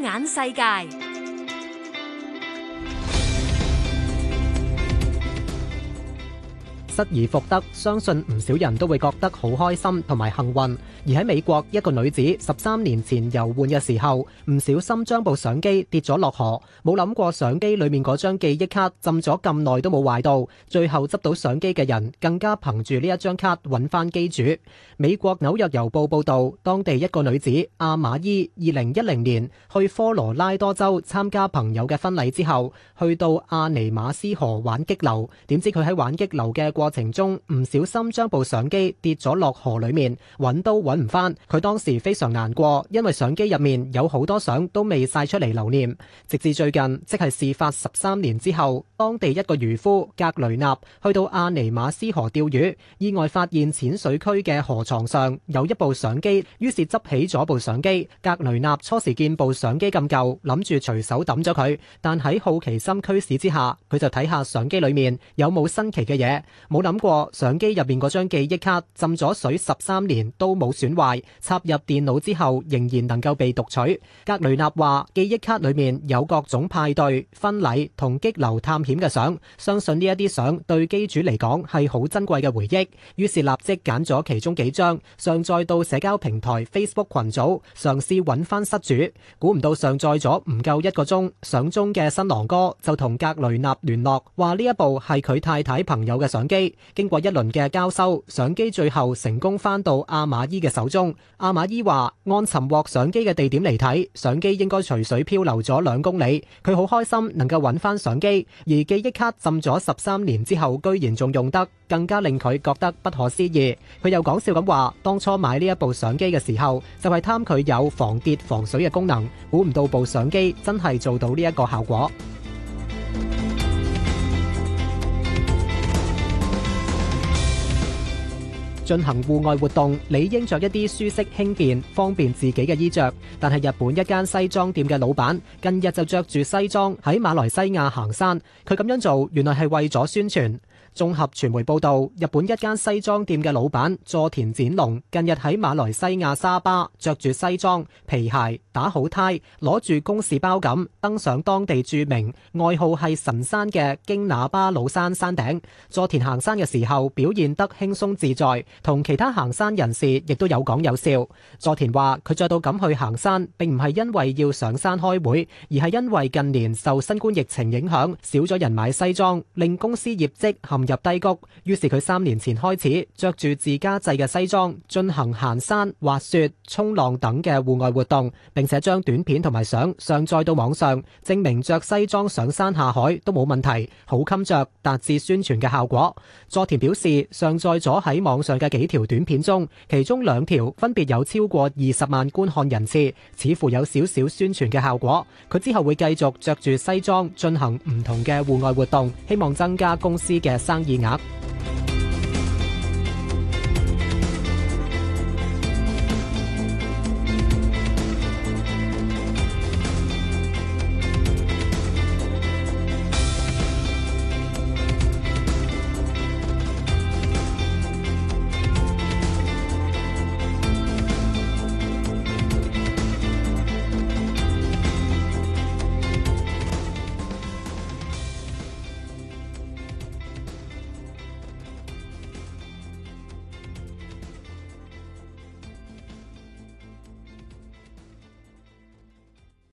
眼世界。失而復得，相信唔少人都會覺得好開心同埋幸運。而喺美國一個女子十三年前遊玩嘅時候，唔小心將部相機跌咗落河，冇諗過相機裏面嗰張記憶卡浸咗咁耐都冇壞到，最後執到相機嘅人更加憑住呢一張卡搵翻機主。美國紐約郵報報道，當地一個女子阿瑪伊，二零一零年去科羅拉多州參加朋友嘅婚禮之後去到阿尼瑪斯河玩激流，點知佢喺玩激流嘅過程中唔小心將部相機跌咗落河裏面，揾都揾唔返。佢當時非常難過，因為相機入面有好多相都未曬出嚟留念。直至最近，即係事發十三年之後，當地一個漁夫格雷納去到阿尼馬斯河釣魚，意外發現淺水區嘅河床上有一部相機，於是執起咗部相機。格雷納初時見部相機咁舊，諗住隨手抌咗佢，但喺好奇心驅使之下，佢就睇下相機裏面有冇新奇嘅嘢。冇諗過相機入邊嗰張記憶卡浸咗水十三年都冇損壞，插入電腦之後仍然能夠被讀取。格雷納話：記憶卡裏面有各種派對、婚禮同激流探險嘅相，相信呢一啲相對機主嚟講係好珍貴嘅回憶。於是立即揀咗其中幾張，上載到社交平台 Facebook 群組，嘗試揾翻失主。估唔到上載咗唔夠一個鐘，相中嘅新郎哥就同格雷納聯絡，話呢一部係佢太太朋友嘅相機。經過一輪嘅交收，相機最後成功返到阿瑪伊嘅手中。阿瑪伊話：按尋獲相機嘅地點嚟睇，相機應該隨水漂流咗兩公里。佢好開心能夠揾翻相機，而記憶卡浸咗十三年之後，居然仲用得，更加令佢覺得不可思議。佢又講笑咁話：當初買呢一部相機嘅時候，就係貪佢有防跌防水嘅功能，估唔到部相機真係做到呢一個效果。進行戶外活動，理應着一啲舒適輕便、方便自己嘅衣着。但係日本一間西裝店嘅老闆近日就着住西裝喺馬來西亞行山，佢咁樣做原來係為咗宣傳。綜合傳媒報道，日本一間西裝店嘅老闆佐田展龍近日喺馬來西亞沙巴着住西裝、皮鞋、打好呔，攞住公事包咁登上當地著名外號係神山嘅京那巴魯山山頂。佐田行山嘅時候表現得輕鬆自在，同其他行山人士亦都有講有笑。佐田話佢再度咁去行山，並唔係因為要上山開會，而係因為近年受新冠疫情影響少咗人買西裝，令公司業績入低谷，於是佢三年前開始着住自家製嘅西裝進行行山、滑雪、衝浪等嘅戶外活動，並且將短片同埋相上載到網上，證明着西裝上山下海都冇問題，好襟着達至宣傳嘅效果。佐田表示，上載咗喺網上嘅幾條短片中，其中兩條分別有超過二十萬觀看人次，似乎有少少宣傳嘅效果。佢之後會繼續着住西裝進行唔同嘅戶外活動，希望增加公司嘅生意額。